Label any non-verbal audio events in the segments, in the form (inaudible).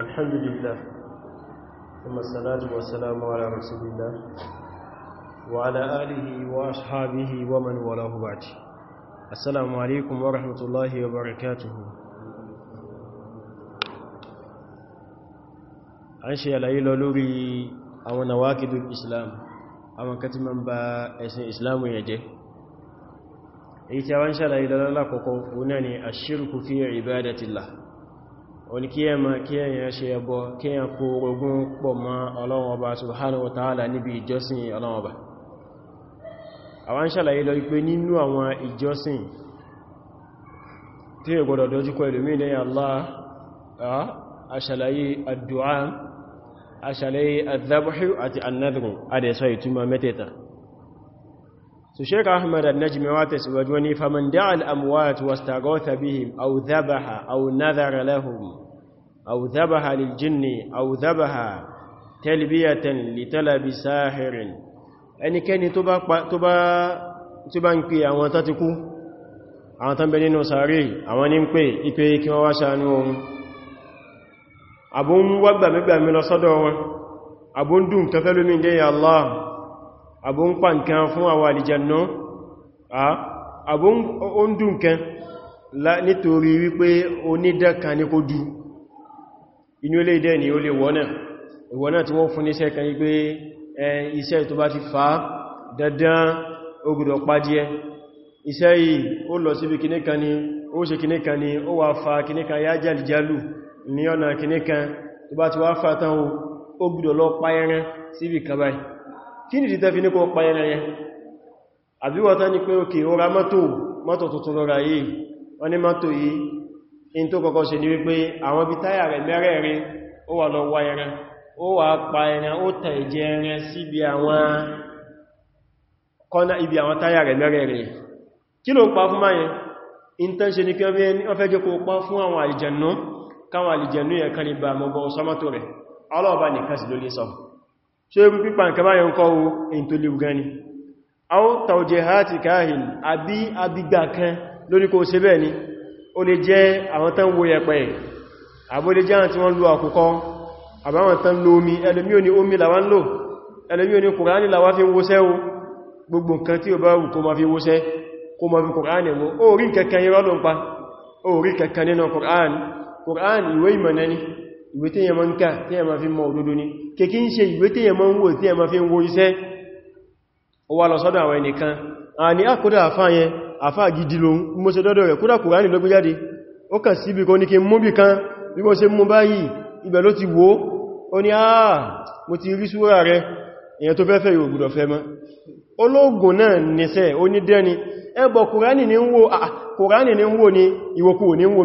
الحمد لله ثم الصلاة والسلام على رسول الله وعلى آله وأصحابه ومن وله بعد السلام عليكم ورحمة الله وبركاته أنشي الأيل لوري أو نواكد الإسلام أو كتما باسم إسلام يجي إيتا وانشي الأيل لكم هناني الشرك في عبادة الله òní kí ẹmà kí ẹ̀yàn ṣe ẹbọ kí ẹ̀yàn kó orogún pọ̀ mọ́ Ọlọ́run Ọba subhanahu níbi ìjọsìn Ọlọ́run àwọn ń ṣàlàyé lọ pé nínú àwọn ìjọsìn tí ẹ gbọ́dọ̀ dojúkọ so sheik ahmad al-najmi wa tẹ̀síwájú wani faman da'a al-amwat wastaghatha bihim aw dhabaha aw nadhara lahum aw dhabaha lil jinni aw dhabaha talbiyatan li talabi sahirin ẹnikẹ́ni tó bá tó bá tó bá ń pè àwọn tó ti kú àwọn tán bẹ nínú sàárè àwọn ní ń pè ipé kí wọ́n ohun abun wá gbàmígbàmí lọ sọ́dọ̀ wọn abun dùn kẹfẹ́lómi dẹ́yà allah abu ń pa nǹkan fún àwọn àlìjànnà abu ń dùn kan nítorí wípé onídẹ́kan ní kó dù inú ilé ìdẹ́ ni ó lè wọ́nà ìwọ̀nà tí wọ́n fún ní iṣẹ́ kan ní pé iṣẹ́ tó bá ti fa dandan ó pàdíẹ iṣẹ́ yìí ó lọ síbi kìníkan ni ó ṣe kìníkan ni ó wà fa kí ni ìdítẹ́ fi ní kó pàyẹn ẹyẹ àbíwọ̀ta ní pé òkè ó ra mọ́tò mọ́tò tuntun lọ́ra yìí wọ́n ní mọ́tò yìí in tó kọ́kọ́ ṣe ní wípé àwọn bí táyà rẹ̀ ó wà lọ wá ẹran ó wà pa ẹran ó tà ẹran síbi àwọn kọ́nà ibi àwọn táyà rẹ̀ mẹ́rẹ̀ẹ̀rin kí ló pa fún máyẹn in tán ṣe ní kí wọ́n fẹ́ jẹ́ kó pa fún àwọn àlìjẹ̀nú káwọn àlìjẹ̀nú yẹn kan ní bá mọ́bọ̀ rẹ̀ ọlọ́ọ̀bá so irú pípa nǹkan báyẹ̀ ń kọ́ o èyí tó léwu gan ni àwọn tàújẹ àti káàhìn àbí abigbà kan lórí kò ṣe bẹ́ẹ̀ ni ó lè jẹ́ àwọn tán wo yẹ̀pẹ̀ àbó lè jẹ́ àwọn tí wọ́n lo àkùkọ àbáwọn tán lo omi ẹlòmí ò ní omi làwọn lò ẹlòmí ò ní kùránì làwọn ìwé tí yẹmọ ń ká tí yẹmọ fi mọ òdodo ni kèkí ń ṣe ìwé tí yẹmọ ń wò tí yẹmọ fi ń wo iṣẹ́ ó wá lọ sọ́dọ̀ àwọn ẹnìkan àní àkódà ah, àfá àfá gidi lòun mo ṣe dọ́dọ̀ rẹ̀ kódà kùránì ló gbé jáde ó kàn síbi kan ní kí mú bì kan bí mo ṣe mú báyìí ibẹ̀ ló ti wò ó ní àà ah, mo ti rí súra rẹ̀ èyàn tó ni ah, ìwòkú ò ní ń wò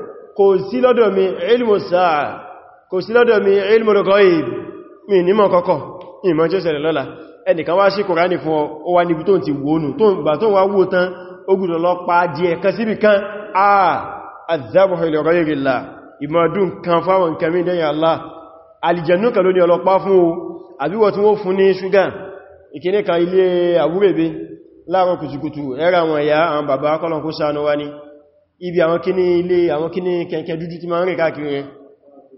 kò sí lọ́dọ̀ mi ilmù sáà kò sí lọ́dọ̀ mi ilmù rọ̀kọ́ mi nímọ̀ kọ́kọ́ ìmọ̀ tí ó ṣẹlẹ̀ lọ́la ẹnìkan wá sí kòránì fún ọ wá níbi tó ti wónú tó ń gbà tó wá wó tán ogun lọ́pàá díẹ̀ kan Allah alìjẹ̀nú kan ló ní ọlọ́pàá fún o àbíwọ̀ tí wọ́n fún ní ṣúgà ìkíní kan ilé àwúrẹ̀bẹ̀ láàárọ̀ kùtùkùtù ibi àwọn kíní ilé àwọn kíní kẹ̀kẹ́ dúdú tí máa ń rẹ̀ káàkiri yẹn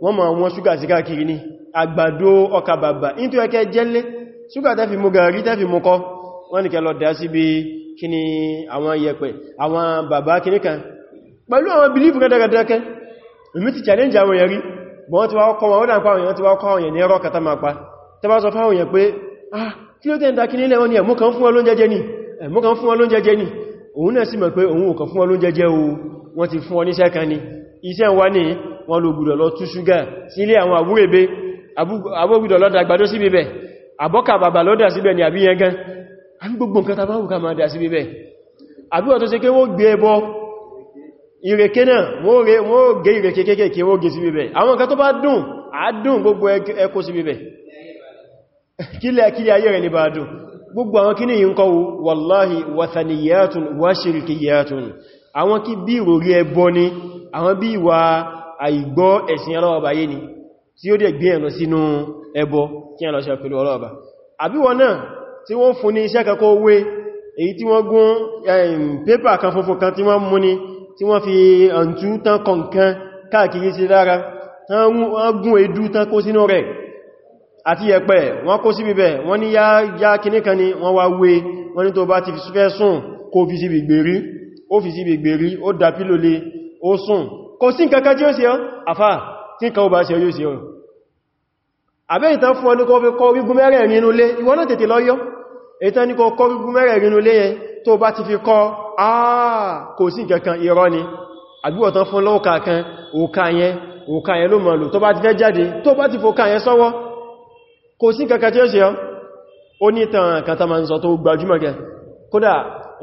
wọ́n ma wọ́n ṣúgà sí káàkiri ní àgbàdo ọkà bàbà ní tó ẹkẹ́ jẹ́lẹ́ ṣúgà tẹ́fì mú gàrí tẹ́fì mú kọ́ wọ́n ní kẹ́ lọ dá sí bí kíní àwọn yẹ̀pẹ̀ àwọn bàbá kíní kan pẹ̀lú àwọn belief kẹ́dẹ̀kẹ́dẹ́kẹ́ èmi ti challenge ah kí ló tẹ́ ń da kíní ilẹ̀ wọn ni ẹ̀mú kan fún òun náà sì mọ̀ pé òun ò kàn fún ọ ló jẹjẹ o wọ́n ti fún ọ níṣẹ́ kan ni iṣẹ́ wá ní wọ́n ló gbùdọ̀ lọ tú ṣúgà sílé àwọn àbúrèbé àbógbùdọ̀ lọ́dà àgbàdo sí bíbẹ̀ àbọ́kà bàbà lọ́dà síbẹ̀ ni àbí yẹn gan a ń gbogbo nǹkan tàbá òkà máa dà sí bíbẹ̀ àbíwọ̀ tó ṣe gbogbo àwọn kíní yìí ń kọwò wàláhì wàtàníyàtùn wàṣìrìkìyàtùn àwọn kí bí ìròrí ẹbọ ni àwọn bí ìwà àìgbọ́ ẹ̀sìn ọlọ́ọ̀bá yé ni tí ó dẹ̀ gbé ẹ̀nà sínú ẹbọ kí ẹ̀lọ́ ṣe pẹ̀lú ọlọ́ọ̀bá àbí wọn náà tí wọ́n fún ní iṣẹ́ kankan owé èyí tí wọ́n gún pépà kan funfun kan tí wọ́n mú ni tí wọ́n fi àǹtú tán kọ̀ǹkan káàkiri sí lára tán gún edú tán kó sínú rẹ̀ àti ẹ̀pẹ̀ wọ́n kó síbi bẹ̀ wọ́n ní yá kìníkan ni wọ́n wá wé wọ́n ní tó bá ti fẹ́ sùn kó fi síbi gbèrí ó fi síbi gbèrí ó dá pílò lé ó sùn kò sí nǹkankan tí ó ṣe ọ́ àfá tí nǹkan ó bá ṣe yóò ṣe ọ́ àbẹ́ ìtàn fún ọdún kọ́ fi kọ́ orígun mẹ́rẹ̀ẹ̀rin inú lé ìwọ náà tètè lọ́yọ́ ìtàn ní kọ́ kọ́ orígun mẹ́rẹ̀ẹ̀rin lé yẹn tó bá ti fi kọ́ àà kò sí nǹkankan irọ́ ni àgbíwọ̀tán fún lọ́ọ̀kà kan òkà yẹn òkà yẹn ló mọ̀ tó bá ti fẹ́ jáde tó bá ti fòkà yẹn sọ́wọ́ kò sí kankan tí ó ṣe ọ́n ó ní tàn kan ta ma ń sọ tó gbajúmọ̀ gẹ kódà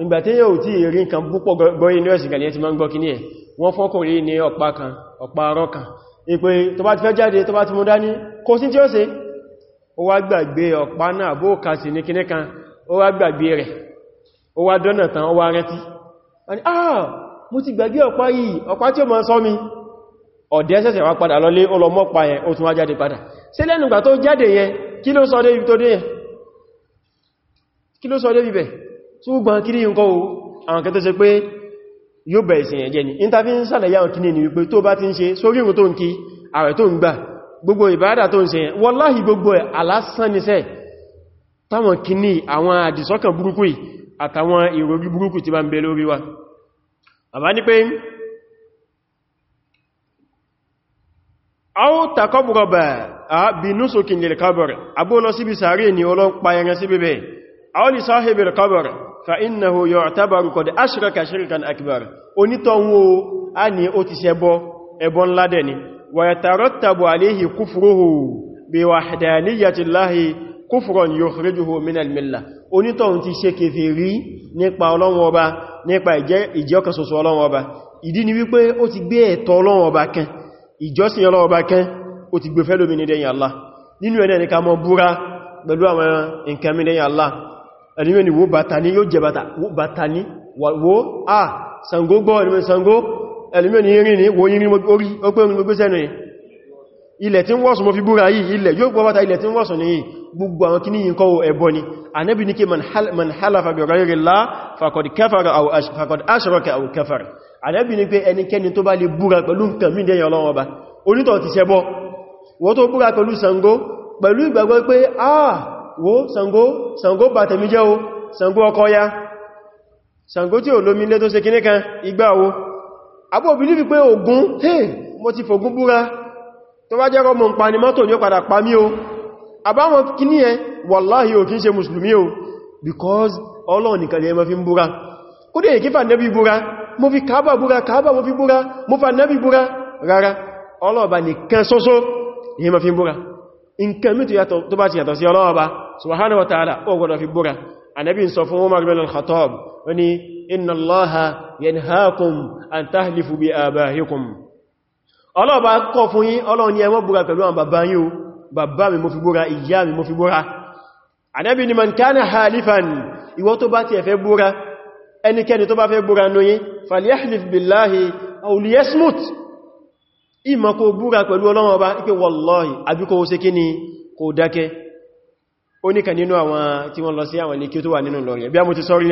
ìgbàtí yóò tí ìrìn kan púpọ̀ gbọ́yí ní ọ̀sìn gàlẹ̀ ti ma ń gbọ́ kíní ẹ̀ wọ́n fọ́kùnrin ní ọ̀pá kan ọ̀pá arọ́ kan ìpé tó bá ti fẹ́ jáde tó bá ti wá ah mo ti gbàgbé ọ̀pá yìí ọ̀pá tí ó ma sọ mi ọ̀dẹ́ ṣẹ̀ṣẹ̀ wá padà lọlé ó lọ mọ́pa yẹn tún wá jáde padà sí tó jáde yẹn kí ló sọ dé ibi tó dé yẹn kí ló sọ dé bíbẹ̀ tó gbọ́n kí ní nǹkan o àwọn kẹta ṣe pé yóò bẹ̀rẹ̀ sí ẹ̀jẹ́ ni ìntàfí ń sàlẹ̀ yáwọn kí ní ni wípé tó bá ti ń ṣe sórí ìrùn tó ń kí ààrẹ tó ń gbà gbogbo ìbáadà tó ń ṣe wọláhì gbogbo ẹ̀ aw taqabraba bi nusukin lil qabr abu lọ síbi sàárè ni olon pa yan síbi be aw li sahibil qabr fa innahu yu'tabaru qad ashraka shirkan akbar onítọ̀hún o àní ó ti ṣẹbọ ẹbọ ńlá de ni wa yatarattabu alayhi kufruhu bi wahdaniyati llahi kufran yukhrijuhu min al milla onítọ̀hún ti ṣe kèfèrí nípa ìjẹ́ ìjẹ́ ọ̀kan ṣoṣo Ọlọ́hun Ọba ìdí ni wípé ó ti gbé ẹ̀tọ́ Ọlọ́hun Ọba kan ìjọsìn ọlọ́ọ̀bá kẹ́ ó ti gbé fẹ́lómi ní dẹ́yìn Allah nínú ẹ̀nà ní ká mọ́ búra pẹ̀lú àwọn nǹkan mi dẹ́yìn Allah ẹ̀lúmẹ́ ni wo bàtà ní yóò jẹ bàtà ní wo a Ṣàngó gbọ́ ẹ̀lúmẹ́ Ṣàngó ẹ̀lúmẹ́ ni irin ni wo irin orí ọpẹ́ orin gbogbo sẹ́nu ilẹ̀ tí ń wọ́sùn mo fi búra yìí ilẹ̀ yóò gbọ́ bàtà ànábì ní pé ẹnikẹ́ni tó bá lè búra pẹ̀lú nǹkan mí dẹ̀yàn Ọlọ́run Ọba onítọ̀ ti ṣẹbọ wọ́n tó búra pẹ̀lú Ṣàngó pẹ̀lú ìgbàgbọ́ pé ah wo Ṣàngó Ṣàngó bà tèmi jẹ́ o Ṣàngó ọkọ ya Ṣàngó tí ò lómi lé tó ṣe kíní kan igbá o abọ́ bìlífì pé Ògún hey mo ti fògún búra tó bá jẹ́rọ mọ̀ pa ni mọ́tò ní ó padà pa mí o àbáwọn kíní ẹ wàláhì ò kí ń ṣe mùsùlùmí o because Ọlọ́run nìkan lè mọ́ fi ń búra kó dẹ̀ ìkífà nẹ́bí búra mo fi kaaba búra kaaba mo fi búra mo fa nabi búra rárá ọlọ́ọ̀bá nìkan ṣoṣo yíma fi búra nǹkan mítù tó bá ti yàtọ̀ sí ọlọ́ọ̀bá subhanahu wa ta'ala ó gbọdọ̀ fi búra anabi sọ fún umar bin al-khattab wani inna allaha yanhaakum an tahlifu bi abahikum ọlọ́ọ̀bá kọ̀ fún yín ọlọ́ọ̀ ni ẹ má búra pẹ̀lú àwọn bàbá yín o bàbá búra ẹnikẹ́ni tó bá fẹ́ búra nú yí falyahlif billahi aw liyasmut ìmọ̀ kò búra pẹ̀lú Ọlọ́run Ọba ipé wallahi àbí kò ṣe kíni kò dákẹ́ ó níkà nínú àwọn tí wọ́n lọ sí àwọn ilé kí ó tó wà nínú lọ́rẹ̀ bí a mú ti sọ́rí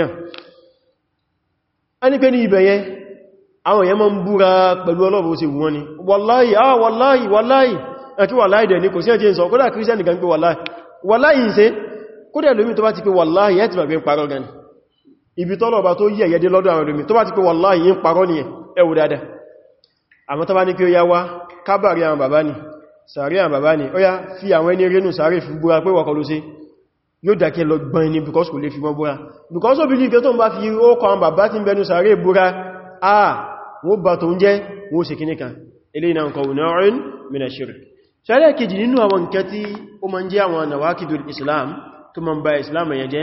wallahi ah wallahi wallahi ẹ̀kí wallahi dẹ̀ ní kò sí ẹjẹ́ ìsọ̀ kódà wallahi wallahi ń ṣe kódà lómi tó wallahi ẹ̀ ti bàbí ń ibi tọ́lọ̀ bá tó yí ẹ̀yẹ́dé lọ́dọ̀ àwọn olùmí tó bá ti pé wàláhì yí ń parọ́ ní ẹwù dáadáa àmọ́ tó bá ní kí ó yá wá kábàrí àwọn bàbá ní sàárì àwọn bàbá ní ó yá fi àwọn ẹni rínú sàárì fi búra pé wọ́kọ̀ ló sí yóò dákẹ́ lọ gbọ́n ní because kò lè fi a wọ́n bá tó ń jẹ́ wọ́n sì kíní kan ilé iná nǹkan wùnà ọ̀rin mìnà ṣírí Islam tó Islam ẹ̀yẹ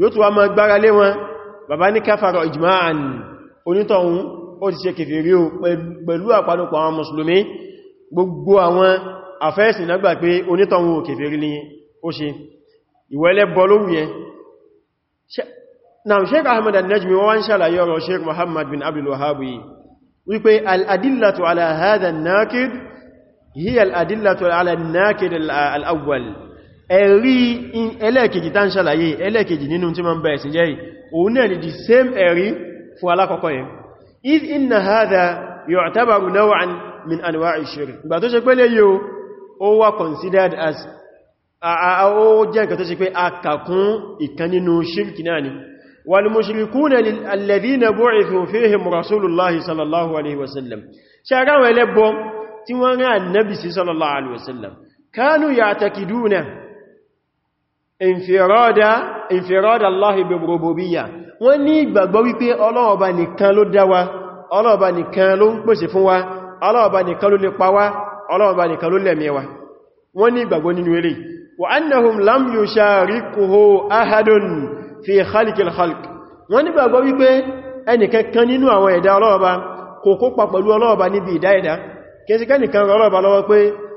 yóò tó wá máa gbára lé wọn bàbá ní káfàrọ̀ ìjìmáàn onítọ̀hún ó ti ṣe kèfèrí o pẹ̀lú àpanupọ̀ àwọn mùsùlùmí gbogbo àwọn afẹ́ẹ̀sìn nágbà pé onítọ̀hún ò kèfèrí ní ó ṣe ìwẹ́lẹ́ bọ́ lóhùn yẹn náà Sheikh Ahmad al-Najmi wọ́n ń ṣàlàyé ọ̀rọ̀ Sheikh Muhammad bin ẹ̀rí ẹlẹ́ẹ̀kejì tán ṣàlàyé ẹlẹ́ẹ̀kejì nínú tí ma ń bẹ̀ẹ̀ sí jẹ́ òun náà ni the same ẹ̀rí fún alákọ̀ọ́kọ́ yẹn if inna hadha yu'tabaru naw'an min anwa'i shirk ìgbà tó ṣe pé lè yíò ó wà considered as ó jẹ́ nǹkan tó ṣe pé akàkún ìkan nínú ṣírkì náà ni wal mushrikuna alladhina bu'ithu fihim rasulullahi sallallahu alaihi wasallam ṣe agáwọn ẹlẹ́bọ tí wọ́n rán annabi sí sallallahu alaihi wasallam kanu ya'takiduna ìfìrọ́dà Allahi bi rububiyya wọ́n ní ìgbàgbọ́ wípé ọlọ́ọ̀bá nìkan ló dá wa ọlọ́ọ̀bá nìkan ló ń pèsè fún wa ọlọ́ọ̀bá nìkan ló lè pa wá ọlọ́ọ̀bá nìkan ló lẹ̀mí wa wọ́n ní ìgbàgbọ́ nínú eré wa annahum lam yusharikuhu ahadun fi wọ́n ní ìgbàgbọ́ wípé ẹnìkankan nínú àwọn ẹ̀dá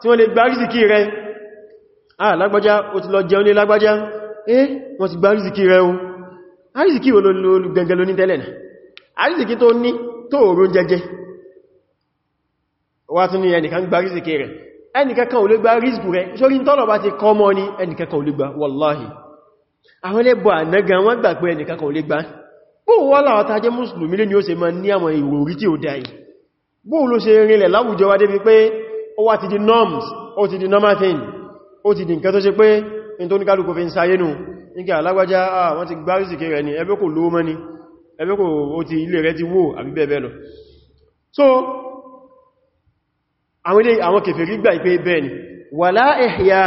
tí wọ́n lè gba rísìkí rẹ̀ ah lágbájá ó ti lọ jẹun ní lágbájá eh wọ́n ti gba rísìkí rẹ̀ o rísìkí wo ló gẹngẹ ló ní tẹ́lẹ̀ náà rísìkí tó ní tó òrùn jẹjẹ wá tún ní ẹnìkan gba rísìkí rẹ̀ ẹnìkankan ò lè gba rísìkú rẹ̀ sórí tọ́lọ̀ bá ti kọ́ mọ́ ní ẹnìkankan ò lè gba wallahi àwọn ẹlẹ́bọ̀ ànága wọ́n gbà pé ẹnìkankan ò lè gba bóò wọ́n láwọn tàjẹ ló ṣe rinlẹ̀ láwùjọ wa ó wá ti di norms ó ti di normal thing ó ti di nǹkan tó ṣe pé in tó ní kálùkù fi ń sáyé nù níkẹ́ alágbájá àwọn ah, ti gbá rìsìkẹ́ rẹ̀ ní ẹbẹ́ kò lówó mọ́ ní ẹbẹ́ kò ó ti ilé rẹ̀ ti wó àbí bẹ́ẹ̀ bẹ́ẹ̀ lọ so àwọn ilé àwọn kèfèrí wala ihya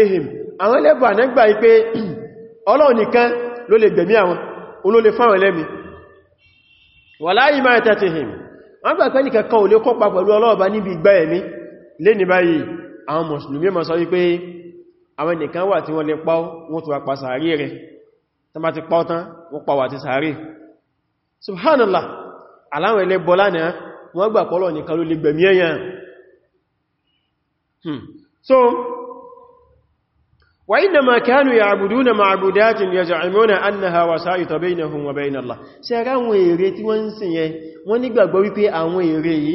ehim àwọn ẹlẹ́bà náà gbà ipé (clears throat) Ọlọ́run nìkan ló lè gbẹ̀mí àwọn olólè wala imatatihim wọ́n gbà pé nìkan kan ò lè kópa níbi ìgbà ẹ̀mí lé ní báyìí àwọn mùsùlùmí ma sọ wípé àwọn nìkan wà tí wọ́n lè pàó wọ́n tó pa sàárì rẹ̀ tán bá ti pàó tán wọ́n pa wà ti sàárì subhanallah aláwọn ilẹ̀ bọ́lá náà wọ́n gbà pọ́lọ̀ nìkan ló hmm. ṣe ra àwọn ère tí wọ́n ń sìn wọ́n nígbàgbọ́ wípé àwọn ère yìí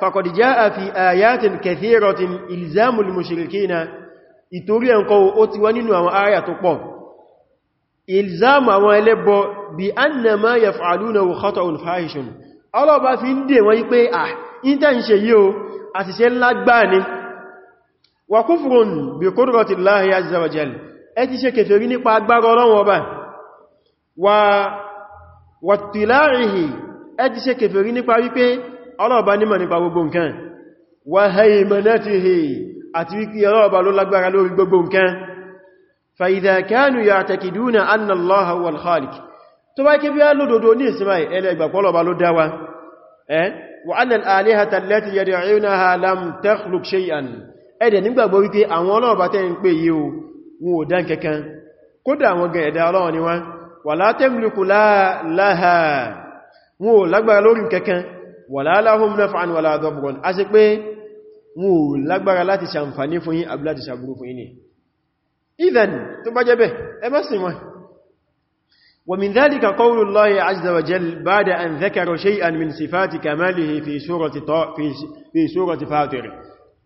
فقد جاء في آيات كثيرة إلزام المشركين ìtorí ẹ̀nkọ́ ó ti wá nínú àwọn àyà tó pọ̀ ìlzáàmù àwọn ẹlẹ́bọ bí anna ma yaf'aluna khata'un fahishun ọlọ́bá fi ń dè wọ́n yí pé à ìntẹ́ ń ṣe yíò àṣìṣe ńlá gbáà ni wa kufrun ẹ ti ṣe kèfèrí nípa wípé ọlọ́ọ̀bá nímọ̀ nípa gbogbo nǹkan wa haymanatihi àti wípé ọlọ́ọ̀bá ló lágbára lórí gbogbo nǹkan fa idha kanu ya'taqiduna anna Allaha huwa al-khaliq tó bá kí bí á lódòdó ní ìsinmi ẹlẹ́gbà pọ́lọ̀bá ló dáwà wa anna al-alihata allati yad'unaha lam takhluq shay'an ẹ̀dẹ̀ nígbàgbọ́ wípé àwọn ọlọ́ọ̀bá tẹ́ ń pè yí o wọn ò dán kankan wọ́n wala lórí kankan wala lahum naf'an wala dharrun a sì pé wọ́n lágbára láti ṣàǹfàní fún yín àbí láti ṣàbúrú fún yín idhan tó bá jẹ́bẹ̀ ẹ má sìn wọ́n wa min dhalika qawlu Allahi azza wa jalla ba'da an dhakara shay'an min sifati kamalihi fi surati ta fi surati Fatir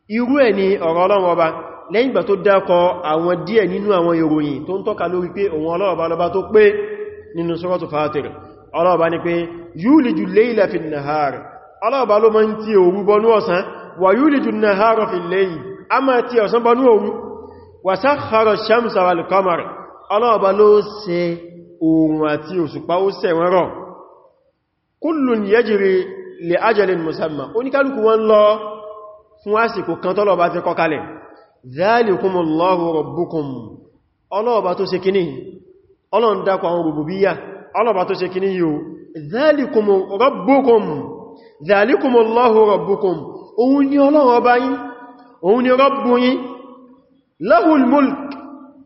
irú ẹ̀ ni ọ̀rọ̀ Ọlọ́run Ọba lẹ́yìn gbà tó dákọ àwọn díẹ̀ nínú àwọn ìròyìn tó ń aláàbà ló ma ń tí òru bọnú ọ̀sán wà yíò lè jù náà hárọ̀ fi lẹ́yìn a ma tí ọ̀sán bọnú òru wà sáàrọ̀ shamsa wal qamar aláàbà ló ṣe oòrùn àti òṣùpá ó ṣe wọ́n rọ̀ kullun yajri li ajalin musamma oníkálùkù wọn lọ fún àsìkò kan tọ́lọ̀ bá ti kọ kalẹ̀ dhalikumullahu rabbukum ọlọ́ọ̀bá tó ṣe kíní ọlọ́ndakọ̀ àwọn rububiyya ọlọ́ọ̀bá tó dhalikumullahu rabbukum òun ni ọlọ́run ọba yín òun ni rọ́bù yín lahul mulk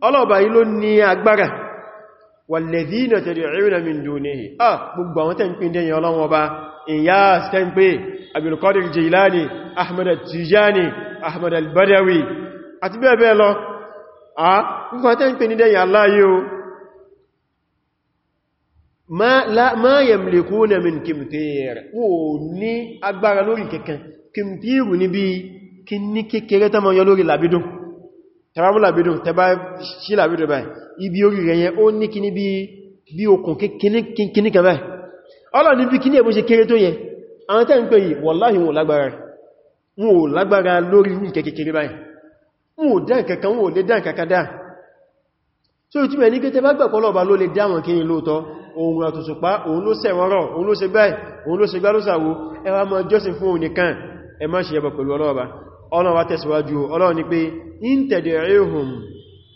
ọlọ́ọ̀bá yí ló ní agbára walladhina tad'una min dunihi a gbogbo àwọn tẹ́ ń pín dẹ́yìn ọlọ́run ọba Inyas tẹ́ ń pé Abdul Qadir Jilani Ahmad Tijani Ahmad al-Badawi àti bẹ́ẹ̀ bẹ́ẹ̀ lọ a gbogbo tẹ́ ń pín dẹ́yìn Allah yìí ma yamlikuna min kìmtìr o ní agbára lórí kẹkàn kìmtìrù ní bí kí ní kékeré tàmà yọ lórí labidun tàbí labidun tàbá sí labidun báyìí ibi orí rẹ̀ yẹn ó ní kí ní bí okùn kíní kan báyìí ọlọ́ ní bí kí ní ẹbúnṣe kéré tó yẹn àwọn tẹ́ ń pè yìí wallahi wọn lágbára wọn lágbára lórí ní kékeré báyìí so tí mẹ́ ní kété bá gbẹ̀pọ̀ ba ló lè dáwọn kí ní lóòtọ́ ohun àtùsùpá òun ló ṣe wọ́rọ̀ òun ló ṣe báyìí òun ma ṣe gbálósàwó ẹ wá máa jọ́sìn fún òun nìkan ẹ má ni pé in tad'uhum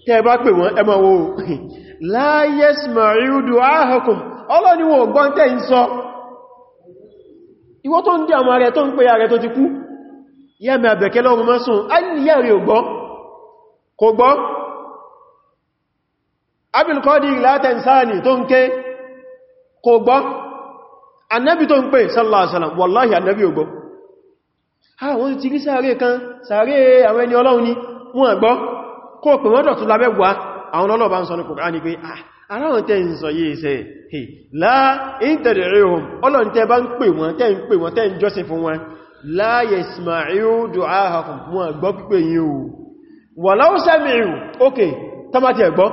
tẹ́ bá o wọ́n ẹ máa wo (laughs) la yasma'u du'aakum ọlọ́ ni wọ́n gbọ́n tẹ́ ń sọ ìwọ tó ń dí àwọn ààrẹ tó ń pè ààrẹ ti abu látẹ̀nsáàni tó ń ké kò gbọ́ annabi tó ń pè sallallahu alaihi wasallam wallahi annabi ha wọ́n ti rí sáré kan sáré àwọn ẹni ọlọ́run ni wọ́n gbọ́ kó pè wọ́n dọ̀tún lábẹ́gbà àwọn sọ ah, ọlọ́run bá ń pè wọ́n tẹ́ ń pè wọ́n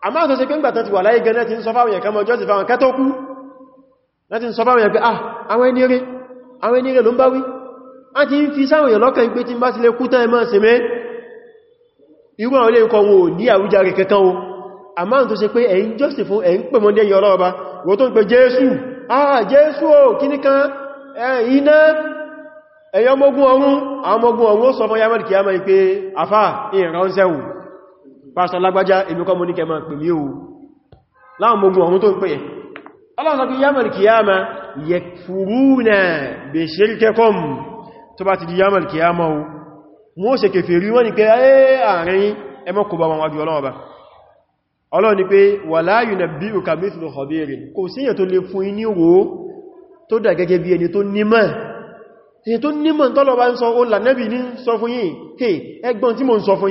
a máa tó ṣe pé ń gbàtàn ti wà láyé gẹ́nẹ́ ti ń sọ fáwọn èèyàn kẹmọ jọ́sì fáwọn kẹtọ́kú láti ń sọ fáwọn èèyàn ah àwọn ẹni rẹ̀ àwọn ẹni rẹ̀ ló ń bá wí a ti ń fi sáwọn èèyàn pé tí bá sílé kú ẹmọ́ sí a máa tó ṣe pé ẹ̀ ń jọ́sì fún ẹ̀ ń pè pe jésù ah jésù o kí ní kan iná ẹ̀yọ́ mọ́gún ọrún àwọn mọ́gún ọrún ó sọ fún yamẹ́lì kìí pásítọ̀ lágbájá èmi kọ́ mo ní kẹma pè mí o láwọn mogun ọ̀hún tó ń pè ọlọ́sọ̀ kí yamal kiyama yakfuruna bi shirkikum tó bá ti di yamal kiyama o wọ́n ṣe kèfèrí wọ́n ni pé àárín ẹmọ́ kò bá wọn wájú ọlọ́wọ́ bá ọlọ́wọ́ ni pé wala yunabbi'uka mithlu khabirin kò síyàn tó lè fún iní wo tó dà gẹ́gẹ́ bí ẹni tó nímọ̀ ẹni tó nímọ̀ tọ́lọ bá ń sọ ó là nẹ́bì ní sọ fún yìí hey ẹgbọ́n tí mo ń sọ fún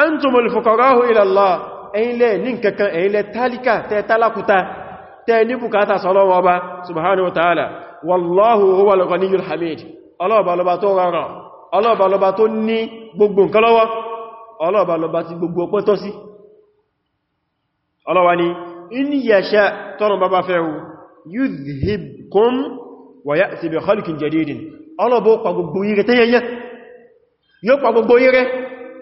antumul fuqara'u ila Allah ẹ̀yin lẹ ní nǹkankan ẹ̀yin lẹ tálíkà tẹ tálákùta tẹ ní bùkátà sọ́lọ́wọ́ ọba subhanahu wa ta'ala wallahu huwal ghaniyyul hamid ọlọ́ọ̀bá lọba tó rọrọ̀ ọlọ́ọ̀bá lọba tó ní gbogbo nǹkan lọ́wọ́ ọlọ́ọ̀bá lọba tí gbogbo ọpẹ́ tọ́ sí ọlọ́wà ni in yasha tọ́nà bàbá fẹ́rù yudhhibkum wa ya'ti bi khalqin jadidin ọlọ́ọ̀bá ó pa gbogbo ire tẹ́yẹyẹ yóò pa gbogbo ire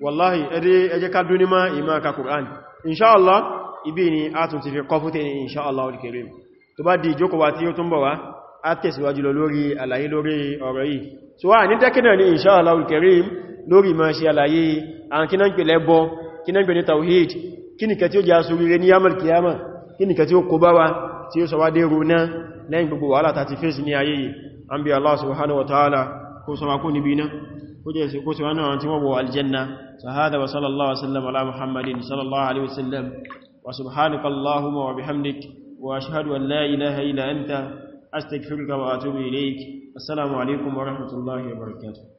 wallahi ẹjẹ́ ká dún ní máa ìmá ka Kùránì inṣáàlá ibi ni a tún ti fi kọ fútẹ́ ní inṣáàlá al-Karim tó bá di ìjókòwà tí ó tún bọ̀ wá a tẹ̀síwájú lọ lórí àlàyé lórí ọ̀rọ̀ yìí so wà ní tẹ́kínà ní inṣáàlá al-Karim lórí ma ṣe àlàyé àwọn kí náà ń pè lẹ́bọ kí náà ń pè ní tawhid kí nìkan tí كجي سكوت وانا وانتموا الجنة فهذا وصلى الله وسلم على محمد صلى الله عليه وسلم وسبحانك اللهم وبحمدك وأشهد أن لا إله إلا أنت أستغفرك وأتوب إليك السلام عليكم ورحمة الله وبركاته